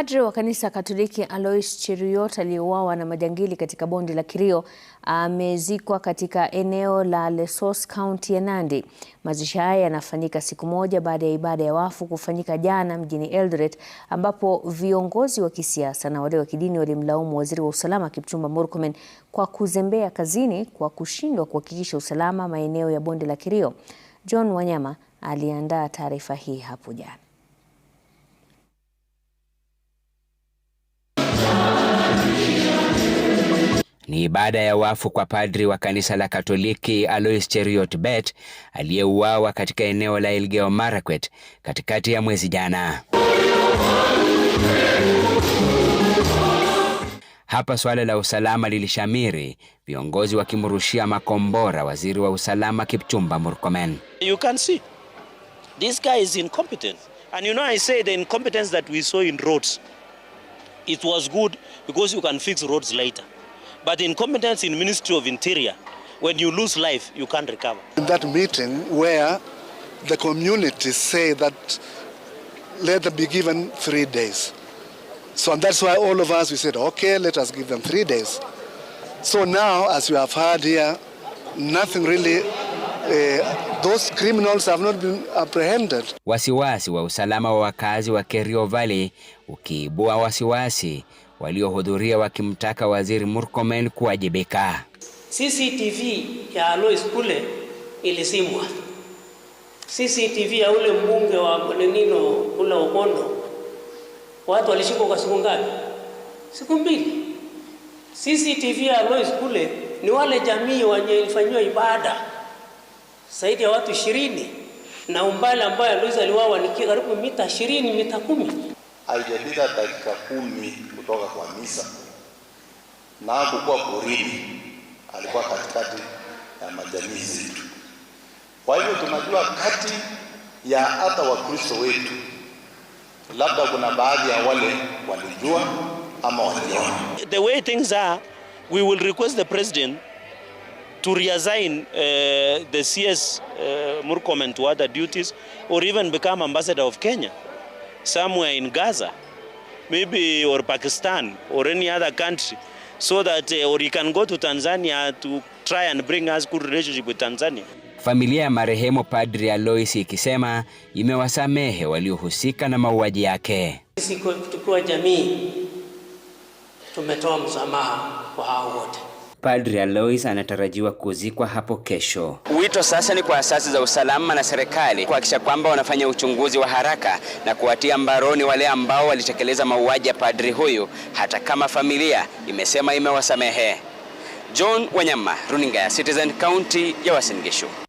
Padre wa kanisa Katoliki Alois Cheruiyot aliyeuawa na majangili katika bonde la Kirio amezikwa katika eneo la Lesos, kaunti ya Nandi. Mazishi haya yanafanyika siku moja baada ya ibada ya wafu kufanyika jana mjini Eldoret, ambapo viongozi wa kisiasa na wale wa kidini walimlaumu waziri wa usalama Kipchumba Murkomen kwa kuzembea kazini kwa kushindwa kuhakikisha usalama maeneo ya bonde la Kirio. John Wanyama aliandaa taarifa hii hapo jana. ni ibada ya wafu kwa padri wa kanisa la Katoliki Alois Cheriot Bet aliyeuawa katika eneo la Elgeyo Marakwet katikati ya mwezi jana. Hapa suala la usalama lilishamiri, viongozi wakimrushia makombora waziri wa usalama Kipchumba Murkomen. You can see this guy is incompetent and you know I say the incompetence that we saw in roads it was good because you can fix roads later But incompetence in Ministry of Interior, when you lose life, you can't recover. In that meeting where the community say that let them be given three days. So and that's why all of us, we said, okay, let us give them three days. So now, as you have heard here, nothing really Uh, those criminals have not been apprehended. Wasiwasi wa usalama wa wakazi wa Kerio Valley ukiibua wasiwasi waliohudhuria wakimtaka Waziri Murkomen kuwajibika. CCTV ya Alois kule ilisimwa, CCTV ya ule mbunge wa Bonenino ule Okondo, watu walishikwa kwa siku ngapi? Siku mbili. CCTV ya Alois kule ni wale jamii wenye ilifanyiwa ibada zaidi ya watu ishirini na umbali ambayo Alois aliwawa ni karibu mita ishirini mita kumi haijapita dakika kumi kutoka kwa misa na hakukuwa porini, alikuwa katikati ya majamii zetu. Kwa hivyo tunajua kati ya hata Wakristo wetu labda kuna baadhi ya wale walijua ama waliona. The way things are we will request the president to reassign uh, the CS uh, eh, Murkomen to other duties or even become ambassador of Kenya somewhere in Gaza, maybe or Pakistan or any other country, so that uh, or he can go to Tanzania to try and bring us good relationship with Tanzania. Familia ya marehemu Padri Alois ikisema imewasamehe waliohusika na mauaji yake. Sisi tukiwa jamii tumetoa msamaha kwa hao wote. Padre Alois anatarajiwa kuzikwa hapo kesho. Wito sasa ni kwa asasi za usalama na serikali kuhakikisha kwamba wanafanya uchunguzi wa haraka na kuwatia mbaroni wale ambao walitekeleza mauaji ya padri huyu, hata kama familia imesema imewasamehe. John Wanyama, runinga ya Citizen, kaunti ya Uasin Gishu.